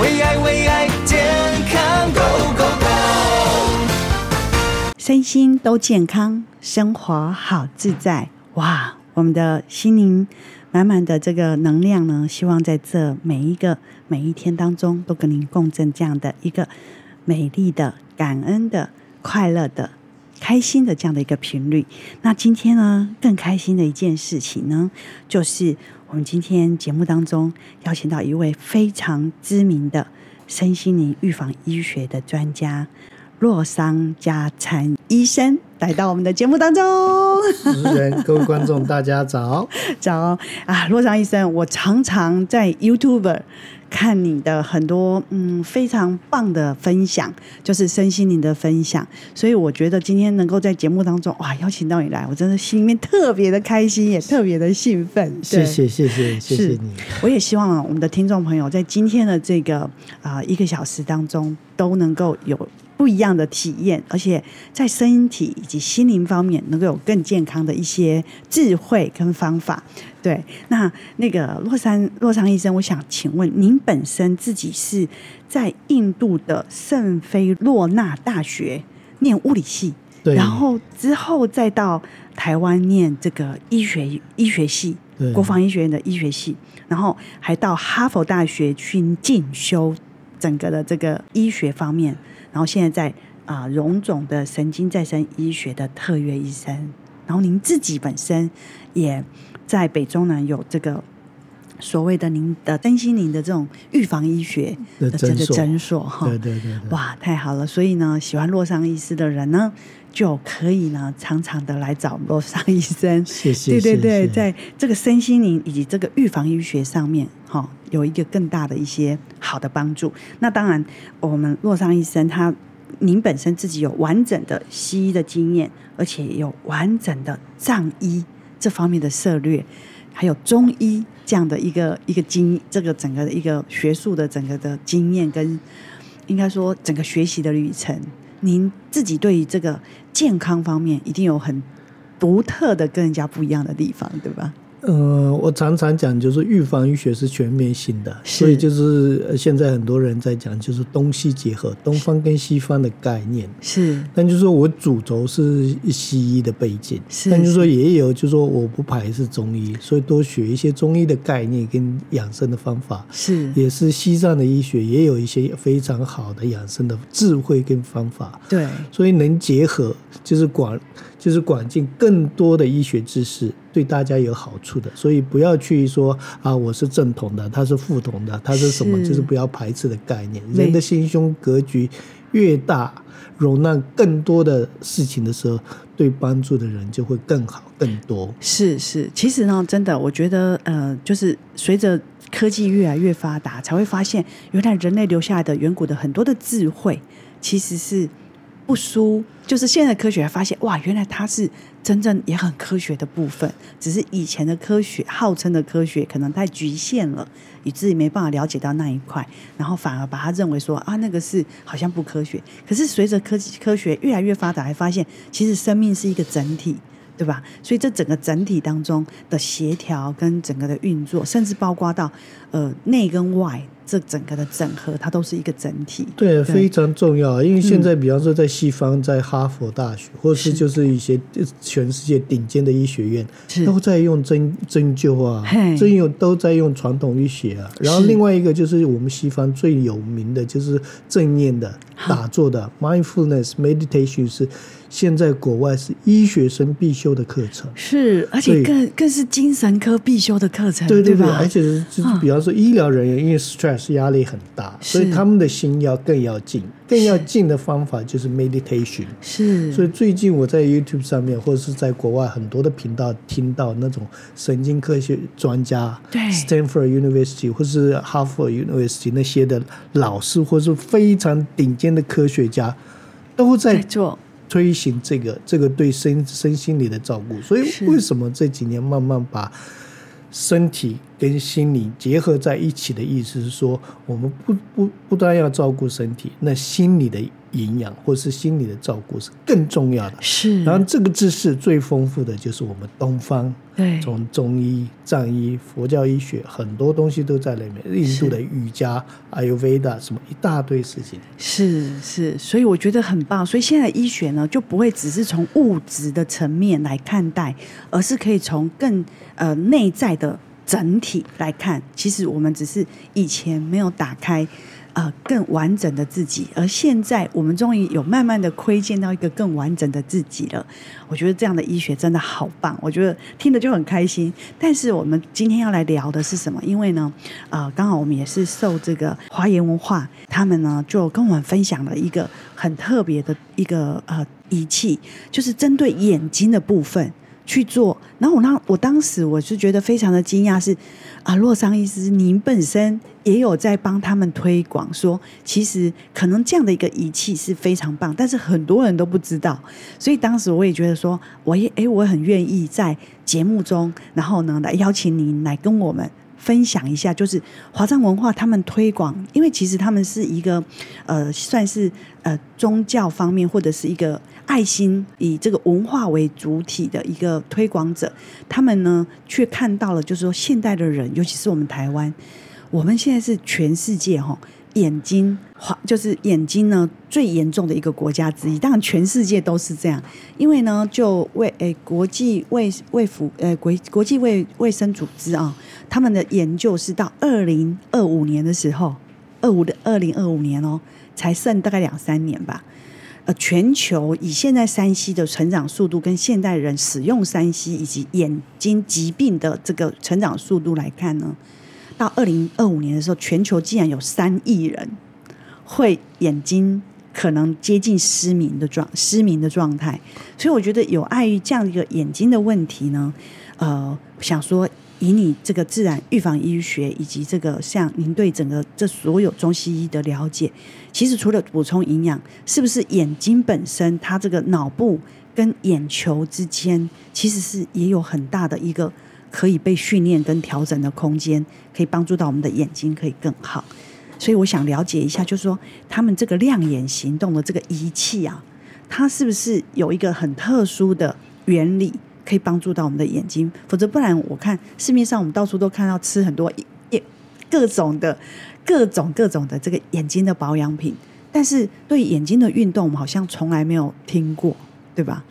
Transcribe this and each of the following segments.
為愛為愛健康 Go, Go, Go，身心都健康，生活好自在。哇，我們的心靈滿滿的這個能量呢，希望在這每一個每一天當中，都跟您共振這樣的一個美麗的、感恩的、快樂的、開心的這樣的一個頻率。那今天呢，更開心的一件事情呢，就是，我們今天節目當中邀請到一位非常知名的身心靈預防醫學的專家洛桑加參醫生來到我們的節目當中。主持人、各位觀眾， 大家早！早啊，洛桑醫生，我常常在 YouTuber。看你的很多嗯非常棒的分享，就是身心靈的分享，所以我覺得今天能夠在節目當中哇邀請到你來，我真的心裡面特別的開心，是也特別的興奮。謝謝謝謝謝謝你，我也希望我們的聽眾朋友在今天的這個啊、呃、一個小時當中都能夠有。不一樣的體驗，而且在身體以及心靈方面能夠有更健康的一些智慧跟方法。對，那那個洛桑洛桑醫生，我想請問您本身自己是在印度的聖菲洛納大學念物理系，對，然後之後再到台灣念這個醫學醫學系，對國防醫學院的醫學系，然後還到哈佛大學去進修整個的這個醫學方面。然後現在在啊、呃，榮總的神經再生醫學的特約醫生。然後您自己本身也在北中南有這個所謂的您的擔心您的這種預防醫學的、的診所哈。所對，對對對，哇，太好了！所以呢，喜歡洛桑醫師的人呢。就可以呢，常常的來找洛桑醫生， 是是是，對對對，在這個身心靈以及這個預防醫學上面，哈、哦，有一個更大的一些好的幫助。那當然，我們洛桑醫生，他您本身自己有完整的西醫的經驗，而且有完整的藏醫這方面的策略，還有中醫這樣的一個一個經，這個整個的一個學術的整個的經驗，跟應該說整個學習的旅程。您自己對於這個健康方面一定有很獨特的、跟人家不一樣的地方，對吧？嗯、呃，我常常講，就是預防醫學是全面性的，是所以就是現在很多人在講，就是東西結合，東方跟西方的概念是。但就是說我主軸是西醫的背景，是但就是說也有，就是說我不排斥中醫，所以多學一些中醫的概念跟養生的方法是。也是西藏的醫學也有一些非常好的養生的智慧跟方法，對。所以能結合就是管。就是管進更多的醫學知識，對大家有好處的，所以不要去說啊，我是正統的，他是副統的，他是什麼？是就是不要排斥的概念。是人的心胸格局越大，容納更多的事情的時候，對幫助的人就會更好、更多。是是，其實呢，真的，我覺得，呃，就是隨着科技越來越發達，才會發現，原來人類留下來的遠古的很多的智慧，其實是。不輸，就是現在科學發現，哇，原來它是真正也很科學的部分，只是以前的科學，號稱的科學可能太局限了，以至於沒辦法了解到那一塊，然後反而把它認為說啊，那個是好像不科學。可是隨着科科學越來越發達，還發現其實生命是一個整體，對吧？所以這整個整體當中的協調跟整個的運作，甚至包括到呃內跟外。這整個的整合，它都是一個整體，對，對非常重要。因為現在，比方說，在西方，在哈佛大學，嗯、或是就是一些全世界頂尖的醫學院，是都在用針針灸啊，嘿針灸都在用傳統醫學啊。然後另外一個就是我們西方最有名的就是正念的。打坐的好 mindfulness meditation 是現在國外是醫學生必修的課程，是而且更對更是精神科必修的課程，對對對，對吧，而且就是比方說醫療人員因為 stress 壓力很大，嗯、所以他們的心要更要靜，是更要靜的方法就是 meditation，是所以最近我在 YouTube 上面或者是在國外很多的頻道聽到那種神經科學專家，對 Stanford University 或是 Harvard University 那些的老師或者是非常頂尖。天的科學家都在做推行這個，這個對身身心理的照顧。所以為什麼這幾年慢慢把身體跟心理結合在一起的意思是說，我們不不不單要照顧身體，那心理的。營養或是心理的照顧是更重要的。是，然後這個知識最豐富的就是我們東方，對從中醫、藏醫、佛教醫學，很多東西都在裡面，印度的瑜伽、是 Ayurveda 什麼一大堆事情。是是，所以我覺得很棒。所以現在醫學呢，就不會只是從物質的層面來看待，而是可以從更呃內在的整體來看。其實我們只是以前沒有打開。呃，更完整的自己。而現在，我們終於有慢慢的窺見到一個更完整的自己了。我覺得這樣的醫學真的好棒，我覺得聽着就很開心。但是，我們今天要來聊的是什麼？因為呢，呃，剛好我們也是受這個華研文化，他們呢，就跟我們分享了一個很特別的一個，呃，儀器，就是針對眼睛的部分去做。然後我那，我當時我是覺得非常的驚訝是，是啊，洛桑醫師，您本身也有在幫他們推廣說，說其實可能這樣的一個儀器是非常棒，但是很多人都不知道。所以當時我也覺得說，我也誒，我很願意在節目中，然後呢來邀請您來跟我們分享一下，就是華藏文化他們推廣，因為其實他們是一個呃，算是呃宗教方面或者是一個。愛心以這個文化為主體的一個推廣者，他們呢卻看到了，就是說現代的人，尤其是我們台灣，我們現在是全世界哈、哦、眼睛，就是眼睛呢最嚴重的一個國家之一。當然，全世界都是這樣，因為呢，就為誒、呃、國際衛衛福誒國國際衛、呃、國國際衛，衛生組織啊、哦，他們的研究是到二零二五年的時候，二五的二零二五年哦，才剩大概兩三年吧。呃，全球以現在三 C 的成長速度，跟現代人使用三 C 以及眼睛疾病的這個成長速度來看呢，到二零二五年的時候，全球竟然有三億人會眼睛可能接近失明的狀失明的狀態，所以我覺得有礙於這樣一個眼睛的問題呢，呃，想說。以你這個自然預防醫學，以及這個像您對整個這所有中西醫的了解，其實除了補充營養，是不是眼睛本身它這個腦部跟眼球之間，其實是也有很大的一個可以被訓練跟調整的空間，可以幫助到我們的眼睛可以更好。所以我想了解一下，就是說他們這個亮眼行動的這個儀器啊，它是不是有一個很特殊的原理？可以幫助到我們的眼睛，否則不然，我看市面上我們到處都看到吃很多也各種的、各種各種的這個眼睛的保養品，但是對眼睛的運動我們好像從來沒有聽過，對吧？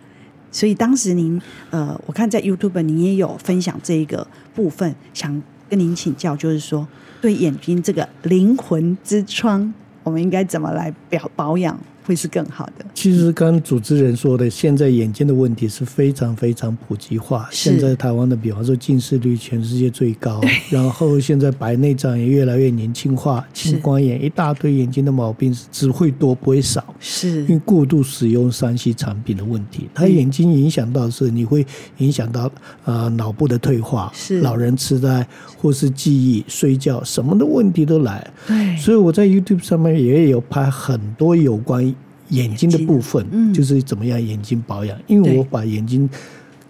所以當時您呃，我看在 YouTube 您也有分享這一個部分，想跟您請教，就是說對眼睛這個靈魂之窗，我們應該怎麼來表保養？會是更好的。其實剛主持人說的，現在眼睛的問題是非常非常普及化。是現在台灣的比方說近視率全世界最高， 然後現在白內障也越來越年輕化，青光眼是一大堆眼睛的毛病只會多不會少。是，因為過度使用三 C 產品的問題，它眼睛影響到是你會影響到啊、呃、腦部的退化， 是老人癡呆或是記憶、睡覺什麼的問題都來。對， 所以我在 YouTube 上面也有拍很多有關。眼睛的部分，嗯、就是怎麼樣眼睛保養。因為我把眼睛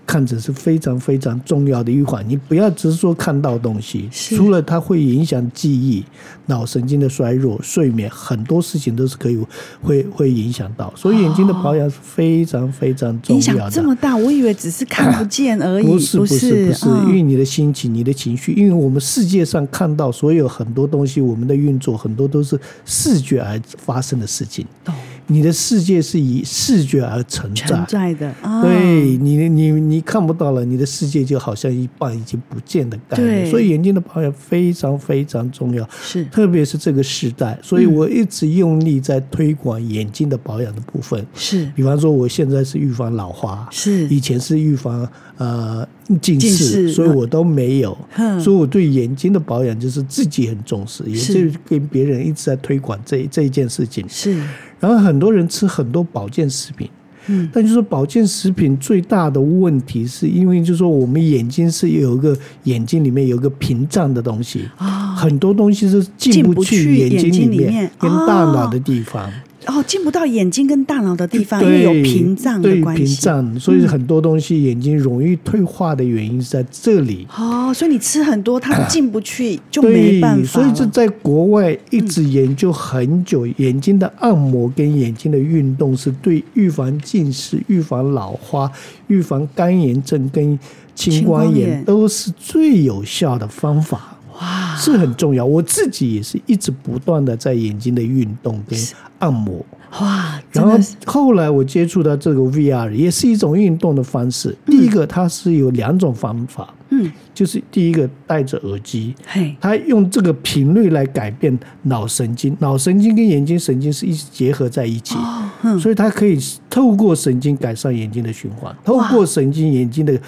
看成是非常非常重要的一環。對你不要只是說看到東西，是除了它會影響記憶、腦神經的衰弱、睡眠，很多事情都是可以會會影響到。所以眼睛的保養是非常非常重要的。哦、影響這麼大，我以為只是看不見而已。啊、不是不是不是、哦、不是，因為你的心情、嗯、你的情緒，因為我們世界上看到所有很多東西，我們的運作很多都是視覺而發生的事情。嗯你的世界是以視覺而存在存在的。哦、對，你你你看不到了，你的世界就好像一半已經不見的概念。對所以眼睛的保養非常非常重要，是特別是這個時代，所以我一直用力在推廣眼睛的保養的部分。是、嗯，比方說我現在是預防老花，是以前是預防呃。近視，近視，所以我都沒有，嗯、所以我對眼睛的保養就是自己很重視，也是跟別人一直在推廣這這一件事情。是，然後很多人吃很多保健食品，嗯、但就是保健食品最大的問題是因為就是說我們眼睛是有一個眼睛裡面有一個屏障的東西，哦、很多東西是進不去眼睛裡面跟大腦的地方。哦，進不到眼睛跟大腦的地方，對因為有屏障的關係，對。屏障，所以很多東西眼睛容易退化的原因是在這裡。嗯、哦，所以你吃很多，它進不去，就沒辦法，對。所以這在國外一直研究很久，嗯、眼睛的按摩跟眼睛的運動，是對預防近視、預防老花、預防乾眼症跟青光眼都是最有效的方法。哇，是很重要。我自己也是一直不斷的在眼睛的運動跟按摩。哇，然後後來我接觸到這個 VR，也是一種運動的方式。第一個，它是有兩種方法，嗯，就是第一個戴着耳機，嗯、它用這個頻率來改變腦神經，腦神經跟眼睛神經是一直結合在一起，哦嗯、所以它可以透過神經改善眼睛的循環，透過神經眼睛的。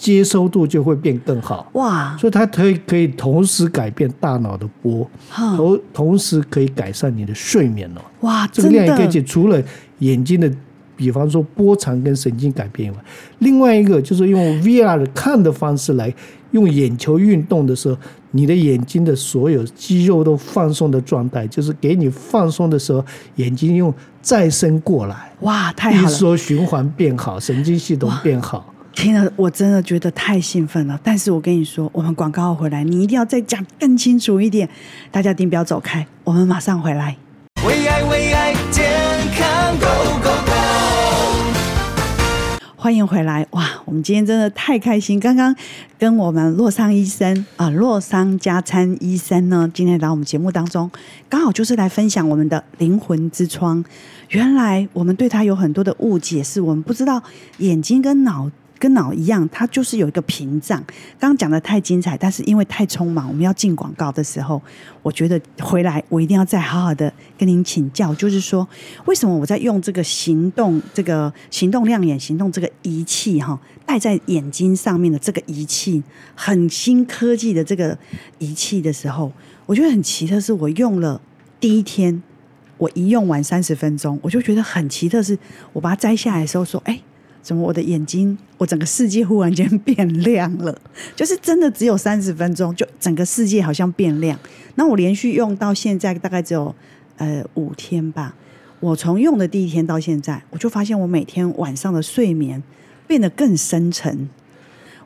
接收度就會變更好哇，所以它可以可以同時改變大腦的波，同、嗯、同時可以改善你的睡眠哦。哇，這個概念除了眼睛的，比方說波長跟神經改變以外，另外一個就是用 VR 的看的方式來用眼球運動的時候，你的眼睛的所有肌肉都放鬆的狀態，就是給你放鬆的時候，眼睛用再生過來。哇，太好了，說循環變好，神經系統變好。聽了我真的覺得太興奮了。但是我跟你說，我們廣告回來，你一定要再講更清楚一點。大家一定不要走開，我們馬上回來。為愛為愛健康，Go Go Go！歡迎回來哇！我們今天真的太開心。剛剛跟我們洛桑醫生啊、呃，洛桑加參醫生呢，今天來我們節目當中，剛好就是來分享我們的靈魂之窗。原來我們對他有很多的誤解，是我們不知道眼睛跟腦。跟腦一樣，它就是有一個屏障。剛剛講得太精彩，但是因為太匆忙，我們要進廣告的時候，我覺得回來我一定要再好好的跟您請教，就是說為什麼我在用這個行動這個行動亮眼、行動這個儀器哈，戴在眼睛上面的這個儀器很新科技的這個儀器的時候，我覺得很奇特。是我用了第一天，我一用完三十分鐘，我就覺得很奇特，是我把它摘下來的時候說，哎、欸。怎麼我的眼睛，我整個世界忽然間變亮了，就是真的只有三十分鐘，就整個世界好像變亮。那我連續用到現在大概只有呃五天吧。我從用的第一天到現在，我就發現我每天晚上的睡眠變得更深沉。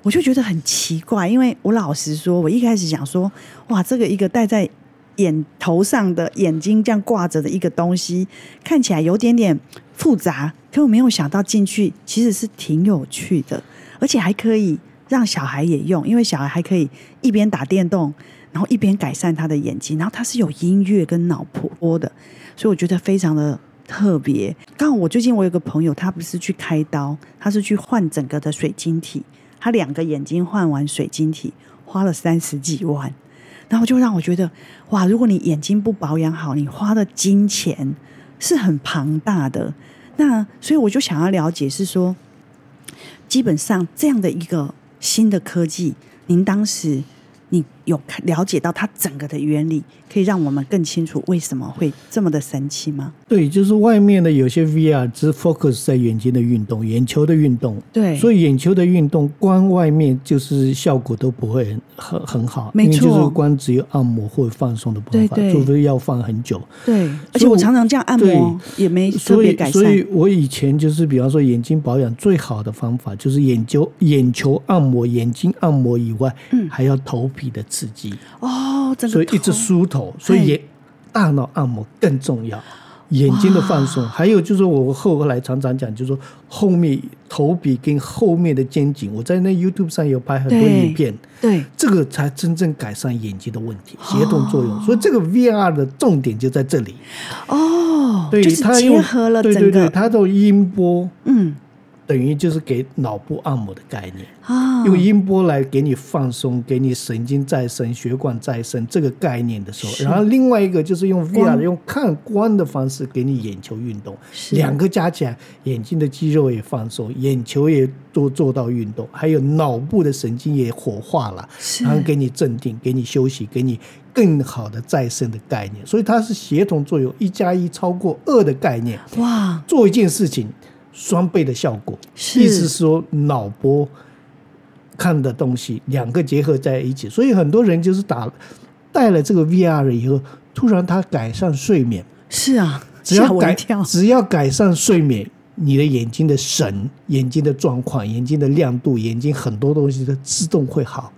我就覺得很奇怪，因為我老實說，我一開始想說，哇，這個一個戴在眼頭上的眼睛這樣掛着的一個東西，看起來有點點。複雜，可我沒有想到進去其實是挺有趣的，而且還可以讓小孩也用，因為小孩還可以一邊打電動，然後一邊改善他的眼睛，然後他是有音樂跟腦波的，所以我覺得非常的特別。剛好我最近我有個朋友，他不是去開刀，他是去換整個的水晶體，他兩個眼睛換完水晶體花了三十幾萬，然後就讓我覺得哇，如果你眼睛不保養好，你花的金錢。是很龐大的，那所以我就想要了解，是說，基本上這樣的一個新的科技，您當時你。有看，了解到它整個的原理，可以讓我們更清楚為什麼會這麼的神奇嗎？對，就是外面的有些 VR 只 focus 在眼睛的運動、眼球的運動。對，所以眼球的運動光外面就是效果都不會很很很好，沒錯，就是光只有按摩或者放鬆的方法，對對，除非要放很久。對，而且我常常這樣按摩對也沒特別改善。所以，所以，我以前就是比方說眼睛保養最好的方法，就是眼球眼球按摩、眼睛按摩以外，嗯，還要頭皮的。嗯刺激哦，真的，所以一直梳頭，所以眼大腦按摩更重要，嘿眼睛的放鬆。哇還有就是我後來常常講，就是說後面頭皮跟後面的肩頸，我在那 YouTube 上有拍很多影片，對，對這個才真正改善眼睛的問題，哦、協同作用。所以這個 VR 的重點就在這裡哦，對就是它結合了對，對對對，它叫音波，嗯。等於就是給腦部按摩的概念啊，哦、用音波來給你放鬆，給你神經再生、血管再生這個概念的時候，是然後另外一個就是用 VR VR 光用看光的方式給你眼球運動，是兩個加起來，眼睛的肌肉也放鬆，眼球也做做到運動，還有腦部的神經也活化了，是然後給你鎮定，給你休息，給你更好的再生的概念，所以它是協同作用，一加一超過二的概念。哇，做一件事情。雙倍的效果，是意思是說腦波看的東西兩個結合在一起，所以很多人就是打戴了這個 VR 了以後，突然他改善睡眠。是啊，只要改，只要改善睡眠，你的眼睛的神、眼睛的狀況、眼睛的亮度、眼睛很多東西都自動會好。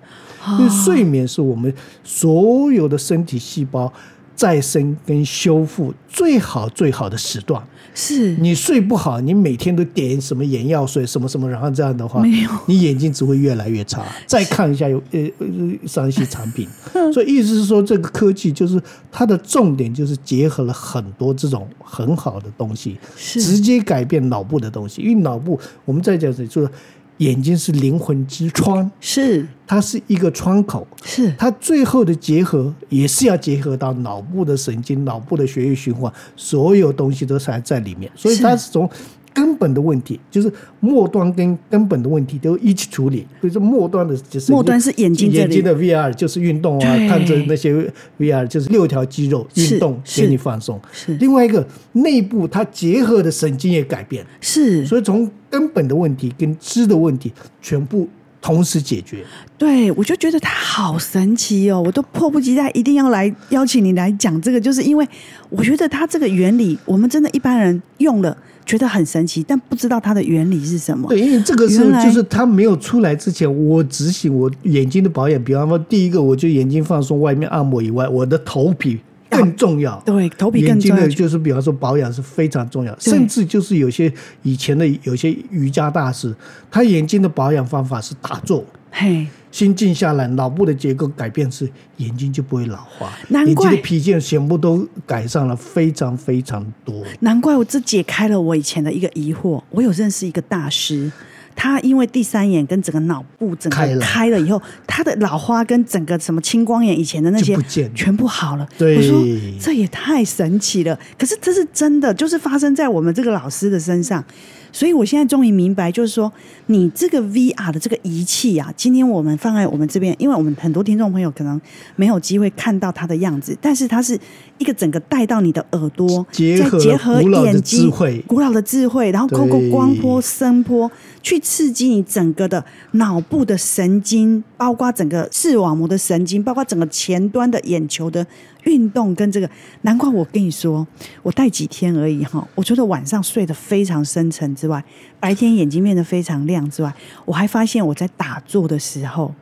哦、因為睡眠是我們所有的身體細胞再生跟修復最好最好的時段。是你睡不好，你每天都點什麼眼藥水什麼什麼，然後這樣的話，有你眼睛只會越來越差。再看一下有是呃三 C 產品，嗯、所以意思是說這個科技就是它的重點，就是結合了很多這種很好的東西，是直接改變腦部的東西。因為腦部我們在講的就是。眼睛是靈魂之窗，是它是一個窗口，是它最後的結合也是要結合到腦部的神經、腦部的血液循環，所有東西都是還在裡面，所以它是從。根本的問題就是末端跟根本的問題都一起處理，就是末端的就是末端是眼睛，眼睛的 VR 就是運動啊，對看着那些 VR 就是六條肌肉運動給你放鬆。是，是另外一個內部它結合的神經也改變，是，所以從根本的問題跟知的問題全部同時解決。對，我就覺得它好神奇哦，我都迫不及待一定要來邀請你來講這個，就是因為我覺得它這個原理，我們真的一般人用了。覺得很神奇，但不知道它的原理是什麼？對，因為這個是就是它沒有出來之前，我執行我眼睛的保養。比方說，第一個我就眼睛放鬆，外面按摩以外，我的頭皮更重要。啊、對，頭皮更重要。眼睛的就是比方說保養是非常重要，對甚至就是有些以前的有些瑜伽大師，他眼睛的保養方法是打坐。嘿，hey, 心靜下來，腦部的結構改變是眼睛就不會老化，難怪眼睛的疲倦全部都改善了，非常非常多。難怪我這解開了我以前的一個疑惑。我有認識一個大師，他因為第三眼跟整個腦部整個開了以後，了他的老花跟整個什麼青光眼以前的那些全部好了。對我說這也太神奇了，可是這是真的，就是發生在我們這個老師的身上。所以，我現在終於明白，就是說，你這個 VR 的這個儀器啊，今天我們放在我們這邊，因為我們很多聽眾朋友可能沒有機會看到它的樣子，但是它是一個整個帶到你的耳朵，再結合眼睛、古老的智慧，古老的智慧，智慧然後通過光波、聲波對去刺激你整個的腦部的神經，包括整個視網膜的神經，包括整個前端的眼球的。運動跟這個，難怪我跟你說，我戴幾天而已哈，我覺得晚上睡得非常深沉之外，白天眼睛變得非常亮之外，我還發現我在打坐的時候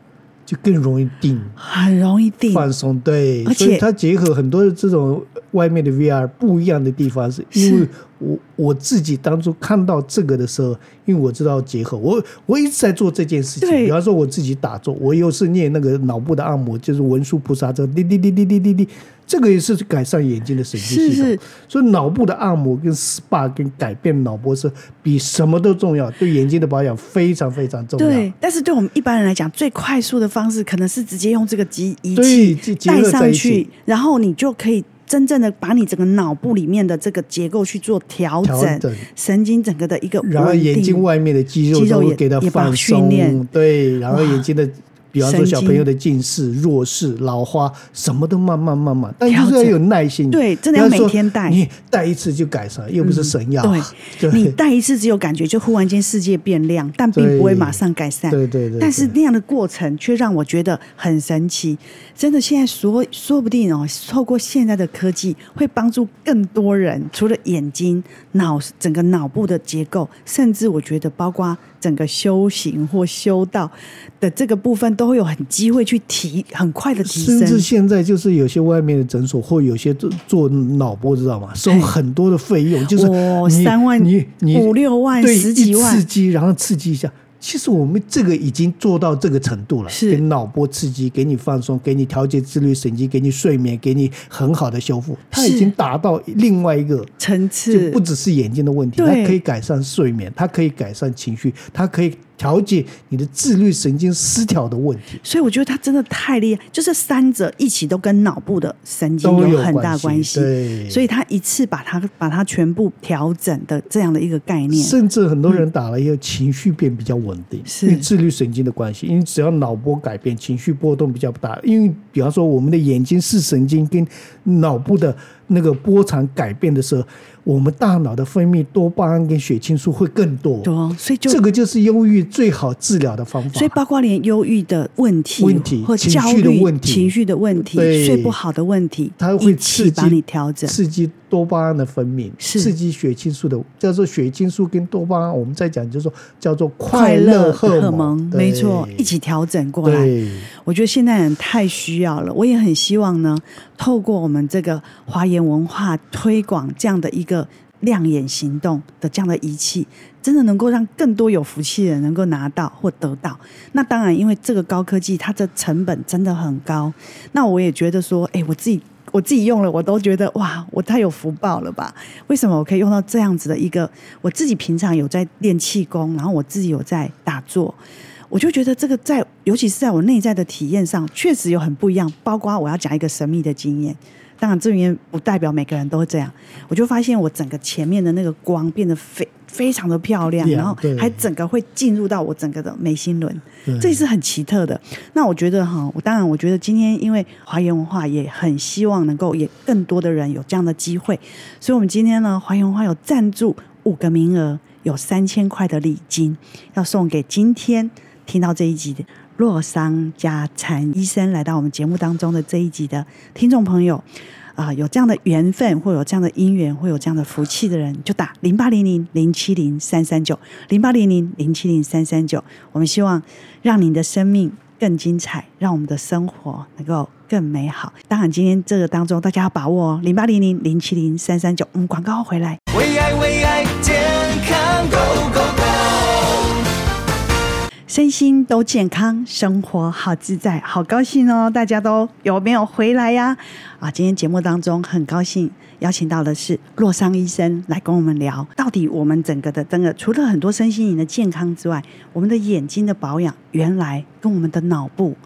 就更容易定，很容易定放鬆，對，而且它結合很多這種外面的 VR 不一樣的地方，是因為我我自己當初看到這個的時候，因為我知道結合，我我一直在做這件事情，比方說我自己打坐，我又是念那個腦部的按摩，就是文殊菩薩這個，滴滴滴滴滴滴滴。這個也是改善眼睛的神經系統，是是所以腦部的按摩跟 SPA 跟改變腦波是比什麼都重要，對眼睛的保養非常非常重要。對，但是對我們一般人來講，最快速的方式可能是直接用這個機儀器戴上去，然後你就可以真正的把你整個腦部裡面的這個結構去做調整，調整神經整個的一個，然後眼睛外面的肌肉，肌肉也給它放鬆。也訓練，對，然後眼睛的。比方說，小朋友的近視、經弱視、老花，什麼都慢慢慢慢，但是要有耐心。對，真的要每天戴。你戴一次就改善，嗯、又不是神藥？對，對你戴一次只有感覺，就忽然間世界變亮，但並不會馬上改善。對對對。對對對對，但是那樣的過程卻讓我覺得很神奇。真的，現在說說不定哦，透過現在的科技，會幫助更多人。除了眼睛、腦整個腦部的結構，甚至我覺得包括整個修行或修道的這個部分都。都會有很機會去提很快的提升，甚至現在就是有些外面的診所或有些做做腦波，知道嗎？收很多的費用，對就是哦、三萬、你你五六萬、十對幾萬刺激，然後刺激一下。其實我們這個已經做到這個程度了，是給腦波刺激，給你放鬆，給你調節自律神經，給你睡眠，給你很好的修復。它已經達到另外一個層次，是就不只是眼睛的問題，對它可以改善睡眠，它可以改善情緒，它可以。調節你的自律神經失調的問題，所以我覺得他真的太厲害，就是三者一起都跟腦部的神經有很大關係。關係，對。所以他一次把它把它全部調整的這樣的一個概念，甚至很多人打了以後情緒變比較穩定，是自律神經的關係，因為只要腦波改變，情緒波動比較大。因為比方說我們的眼睛視神經跟腦部的。那個波長改變的時候，我們大腦的分泌多巴胺跟血清素會更多，哦、這個就是憂鬱最好治療的方法。所以包括連憂鬱的問題、問題或焦慮的問題、或情緒的問題、睡不好的問題，它會刺激把你調整。刺激多巴胺的分泌，是刺激血清素的叫做血清素跟多巴胺，我們在講就是說叫做快樂荷爾蒙，快樂荷爾蒙，對沒錯，一起調整過來。對我覺得現在人太需要了，我也很希望呢，透過我們這個華研文化推廣這樣的一個亮眼行動的這樣的儀器，真的能夠讓更多有福氣的人能夠拿到或得到。那當然，因為這個高科技它的成本真的很高，那我也覺得說，哎，我自己。我自己用了，我都覺得哇，我太有福報了吧！為什麼我可以用到這樣子的一個？我自己平常有在練氣功，然後我自己有在打坐，我就覺得這個在，尤其是在我內在的體驗上，確實有很不一樣。包括我要講一個神秘的經驗。當然，這原因不代表每個人都會這樣。我就發現，我整個前面的那個光變得非非常的漂亮，Yeah, 對然後還整個會進入到我整個的眉心輪，對這也是很奇特的。那我覺得哈，我當然，我覺得今天因為華研文化也很希望能夠也更多的人有這樣的機會，所以我們今天呢，華研文化有贊助五個名額，有三千塊的禮金要送給今天聽到這一集的。洛桑加參醫生來到我們節目當中的這一集的聽眾朋友啊、呃，有這樣的緣分，會有這樣的因緣，會有這樣的福氣的人，就打零八零零零七零三三九零八零零零七零三三九。我們希望讓你的生命更精彩，讓我們的生活能夠更美好。當然，今天這個當中大家要把握哦、喔，零八零零零七零三三九。我們廣告回來。為愛，為愛，接。身心都健康，生活好自在，好高興哦！大家都有沒有回來呀？啊，啊，今天節目當中很高興邀請到的是洛桑醫生來跟我們聊，到底我們整個的整個除了很多身心靈的健康之外，我們的眼睛的保養原來跟我們的腦部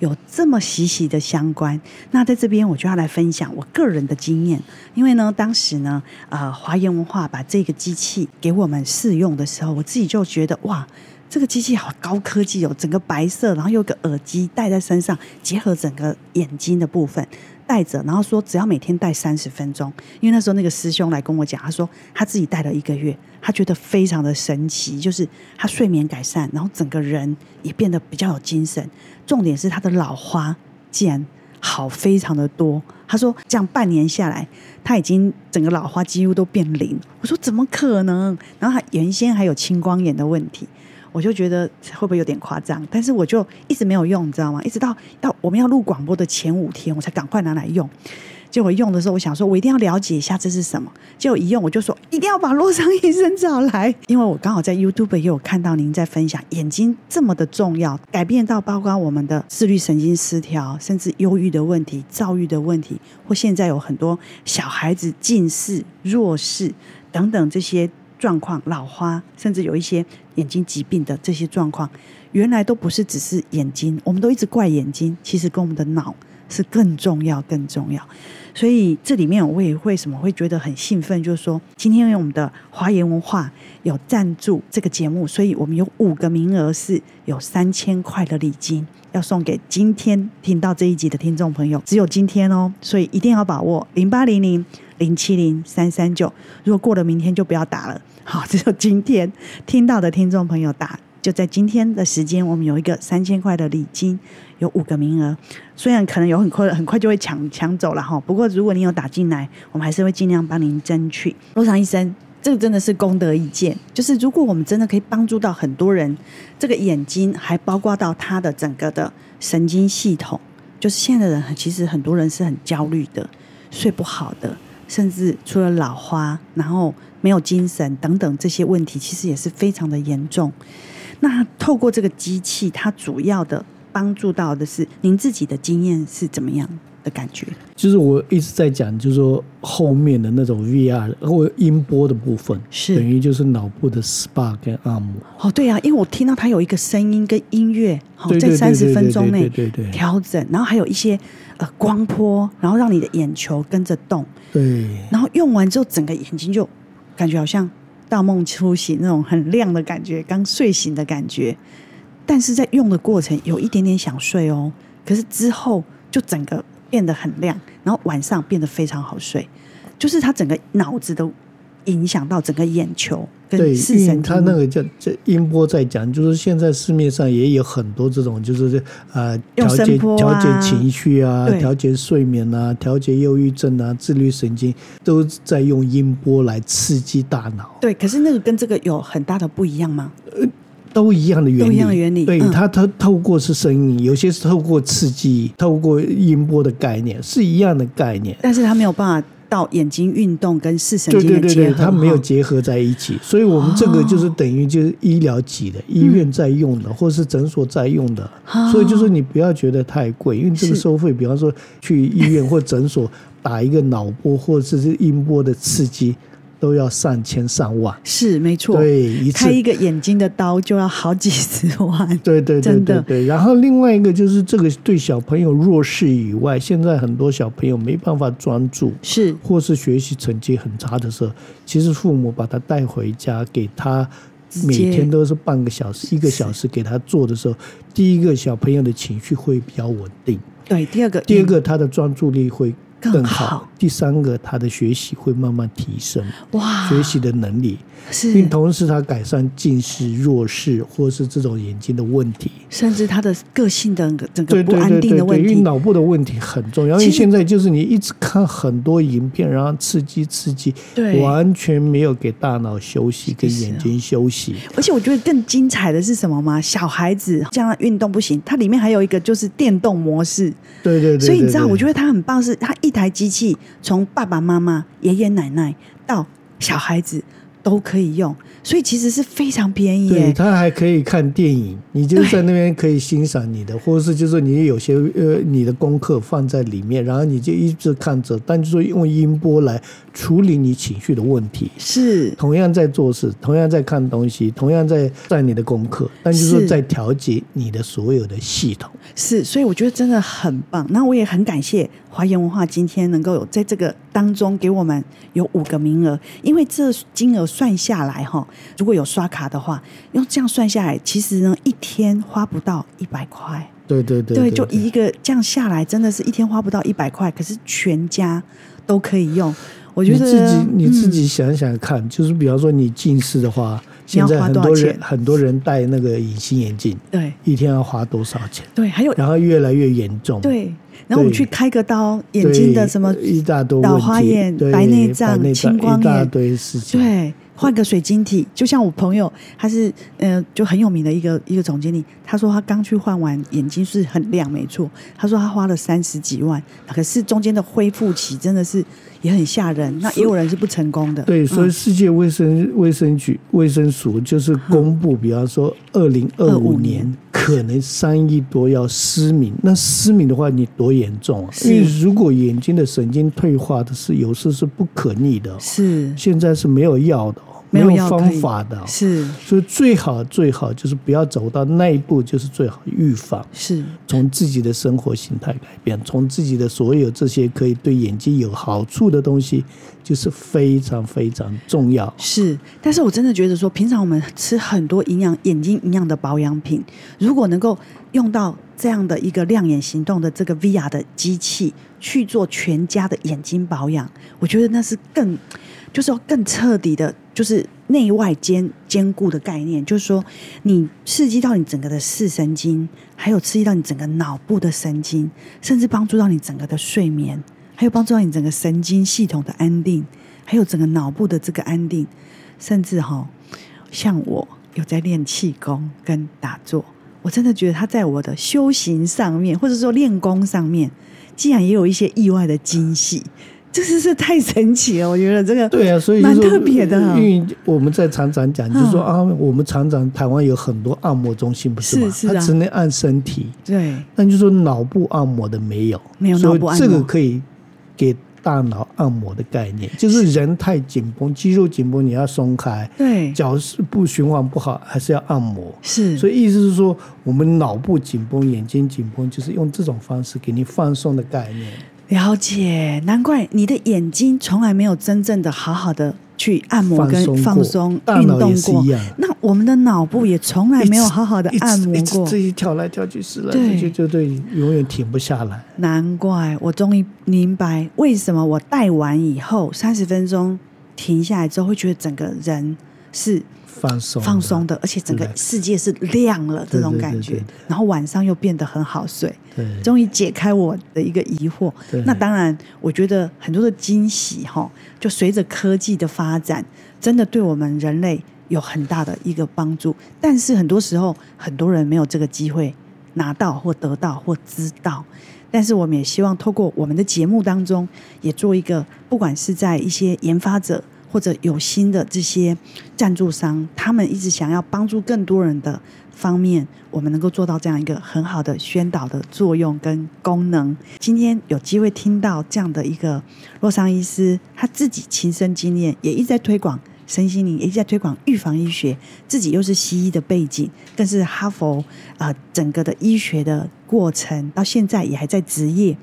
有這麼息息的相關。那在這邊我就要來分享我個人的經驗，因為呢，當時呢，啊、呃，華研文化把這個機器給我們試用的時候，我自己就覺得哇。這個機器好高科技哦，整個白色，然後有個耳機戴在身上，結合整個眼睛的部分戴着，然後說只要每天戴三十分鐘。因為那時候那個師兄來跟我講，他說他自己戴了一個月，他覺得非常的神奇，就是他睡眠改善，然後整個人也變得比較有精神。重點是他的老花竟然好非常的多，他說這樣半年下來，他已經整個老花幾乎都變零。我說怎麼可能？然後他原先還有青光眼的問題。我就覺得會不會有點誇張？但是我就一直沒有用，你知道嗎？一直到到我們要錄廣播的前五天，我才趕快拿來用。結果用的時候，我想說，我一定要了解一下這是什麼。結果一用，我就說一定要把洛桑醫生找來，因為我剛好在 YouTube 也有看到您在分享眼睛這麼的重要，改變到包括我們的自律神經失調，甚至憂鬱的問題、躁鬱的問題，或現在有很多小孩子近視、弱視等等這些。狀況、老花，甚至有一些眼睛疾病的這些狀況，原來都不是只是眼睛，我們都一直怪眼睛，其實跟我們的腦是更重要、更重要。所以這裡面我也為什麼會覺得很興奮，就是說今天因為我們的華研文化有贊助這個節目，所以我們有五個名額是有三千塊的禮金要送給今天聽到這一集的聽眾朋友，只有今天哦，所以一定要把握零八零零零七零三三九，如果過了明天就不要打了。好，只有今天聽到的聽眾朋友打，就在今天的時間，我們有一個三千塊的禮金，有五個名額。雖然可能有很快很快就會搶搶走了哈，不過如果你有打進來，我們還是會盡量幫您爭取。洛桑醫生，這個真的是功德一件，就是如果我們真的可以幫助到很多人，這個眼睛還包括到他的整個的神經系統，就是現在的人其實很多人是很焦慮的，睡不好的，甚至除了老花，然後。沒有精神等等這些問題，其實也是非常的嚴重。那透過這個機器，它主要的幫助到的是您自己的經驗是怎麼樣的感覺？就是我一直在講，就是說後面的那種 VR 或音波的部分，是等於就是腦部的 SPA 跟按摩。哦，對呀，因為我聽到它有一個聲音跟音樂，好在三十分鐘內對對調整，然後還有一些呃光波，然後讓你的眼球跟着動，對，然後用完之後，整個眼睛就。感覺好像大夢初醒那種很亮的感覺，剛睡醒的感覺，但是在用的過程有一點點想睡哦，可是之後就整個變得很亮，然後晚上變得非常好睡，就是他整個腦子都。影響到整個眼球，對，視神經。他那個叫，叫音波在講，就是現在市面上也有很多這種，就是啊、呃、調節啊調節情緒啊，對調節睡眠啊，調節憂鬱症啊，自律神經都在用音波來刺激大腦。對，可是那個跟這個有很大的不一樣嗎？呃、都一樣的原理，都一樣的原理。對，嗯、它它透過是聲音，有些是透過刺激，透過音波的概念是一樣的概念。但是它沒有辦法。到眼睛運動跟視神經的結合，對對對對，它沒有結合在一起，哦、所以我們這個就是等於就是醫療級的，哦、醫院在用的，或者是診所在用的，嗯、所以就是你不要覺得太貴，哦、因為這個收費，比方說去醫院或診所打一個腦波是或者是音波的刺激。嗯都要上千上萬，是沒錯。對，一開一個眼睛的刀就要好幾十萬。對對，對的，對對對。然後另外一個就是這個對小朋友弱視以外，現在很多小朋友沒辦法專注，是或是學習成績很差的時候，其實父母把他帶回家，給他每天都是半個小時，接一個小時給他做的時候，是第一個小朋友的情緒會比較穩定。對，第二個，第二個為他的專注力會更。更好。第三個，他的學習會慢慢提升哇，學習的能力，是。並同時他改善近視、弱視或是這種眼睛的問題，甚至他的個性的整個不安定的問題。對對對對對，因為腦部的問題很重要，其實，因為現在就是你一直看很多影片，然後刺激刺激，對，完全沒有給大腦休息跟眼睛休息。而且我覺得更精彩的是什麼嗎？小孩子這樣運動不行，它裡面還有一個就是電動模式，對對對、對、對對對。所以你知道，我覺得他很棒是，是他一。台機器從爸爸媽媽、爺爺奶奶到小孩子都可以用，所以其實是非常便宜。對，它還可以看電影，你就在那邊可以欣賞你的，對或者是就是你有些呃你的功課放在裡面，然後你就一直看着。但就是說用音波來處理你情緒的問題，是同樣在做事，同樣在看東西，同樣在在你的功課，但就是在調節你的所有的系統是。是，所以我覺得真的很棒。那我也很感謝。華研文化今天能夠有在這個當中給我們有五個名額，因為這金額算下來哈，如果有刷卡的話，用這樣算下來，其實呢一天花不到一百塊。對對對，對，就一個這樣下來，真的是一天花不到一百塊，可是全家都可以用。我覺得你自己你自己想想看，嗯，就是比方說你近視的話，現在很多人你要花多少錢？很多人戴那個隱形眼鏡，對，一天要花多少錢？對，還有然後越來越嚴重，對。然後我們去開個刀，眼睛的什麼一大堆老花眼、對白內障、青光眼，一大堆事情。對，換個水晶體，就像我朋友，他是嗯、呃，就很有名的一個一個總經理，他說他剛去換完眼睛是很亮，沒錯。他說他花了三十幾萬，可是中間的恢復期真的是也很嚇人。是那也有人是不成功的。對，所以世界衛生、嗯、衛生局衛生署就是公布，比方說二零二五年。嗯可能三億多要失明，那失明的話，你多嚴重啊？是因為如果眼睛的神經退化的是，有時是不可逆的，是，現在是沒有藥的。沒有方法的是，所以最好最好就是不要走到那一步，就是最好預防。是，從自己的生活形態改變，從自己的所有這些可以對眼睛有好處的東西，就是非常非常重要。是，但是我真的覺得說，平常我們吃很多營養、眼睛營養的保養品，如果能夠用到這樣的一個亮眼行動的這個 VR 的機器去做全家的眼睛保養，我覺得那是更。就是說，更徹底的，就是內外兼兼顧的概念，就是說，你刺激到你整個的視神經，還有刺激到你整個腦部的神經，甚至幫助到你整個的睡眠，還有幫助到你整個神經系統的安定，還有整個腦部的這個安定，甚至哈、哦，像我有在練氣功跟打坐，我真的覺得他在我的修行上面，或者說練功上面，竟然也有一些意外的驚喜。這是是太神奇了，我覺得這個的對啊，所以蠻特別的。因為我們在常常講，哦、就是說啊，我們常常台灣有很多按摩中心，不是嗎？是是啊，它只能按身體，對。那就是說，腦部按摩的沒有，沒有按摩。所以這個可以給大腦按摩的概念，就是人太緊繃，肌肉緊繃，你要鬆開，對。腳是不循環不好還是要按摩，是。所以意思是說，我們腦部緊繃，眼睛緊繃，就是用這種方式給你放鬆的概念。了解，難怪你的眼睛從來沒有真正的、好好的去按摩跟放鬆、放鬆運動過。那我們的腦部也從來沒有好好的按摩過。嗯、自己跳來跳去來，死了對，死去，就對你，永遠停不下來。難怪我終於明白為什麼我戴完以後三十分鐘停下來之後，會覺得整個人。是放鬆放鬆的，而且整個世界是亮了對這種感覺，對對對對，然後晚上又變得很好睡，對終於解開我的一個疑惑。對那當然，我覺得很多的驚喜哈，就隨着科技的發展，真的對我們人類有很大的一個幫助。但是很多時候，很多人沒有這個機會拿到或得到或知道。但是我們也希望透過我們的節目當中，也做一個，不管是在一些研發者。或者有心的這些贊助商，他們一直想要幫助更多人的方面，我們能夠做到這樣一個很好的宣導的作用跟功能。今天有機會聽到這樣的一個洛桑醫師，他自己親身經驗，也一直在推廣身心靈，也一直在推廣預防醫學，自己又是西醫的背景，更是哈佛啊整個的醫學的過程，到現在也還在執業。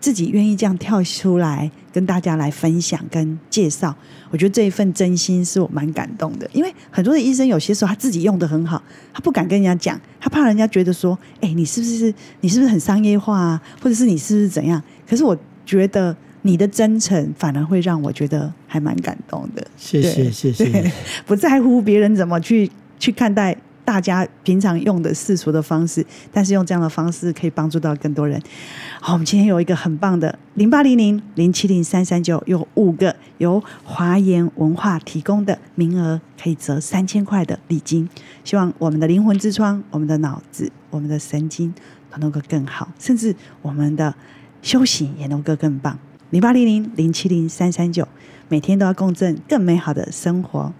自己願意這樣跳出來跟大家來分享跟介紹，我覺得這一份真心是我蠻感動的。因為很多的醫生有些時候他自己用得很好，他不敢跟人家講，他怕人家覺得說：“哎，你是不是你是不是很商業化啊，或者是你是不是怎樣？”可是我覺得你的真誠反而會讓我覺得還蠻感動的。謝謝對謝謝，不在乎別人怎麼去去看待。大家平常用的世俗的方式，但是用這樣的方式可以幫助到更多人。好，我們今天有一個很棒的零八零零零七零三三九，0 0 9，有五個由華言文化提供的名額，可以折三千塊的禮金。希望我們的靈魂之窗、我們的腦子、我們的神經都能夠更好，甚至我們的修行也能夠更棒。零八零零零七零三三九，每天都要共振更美好的生活。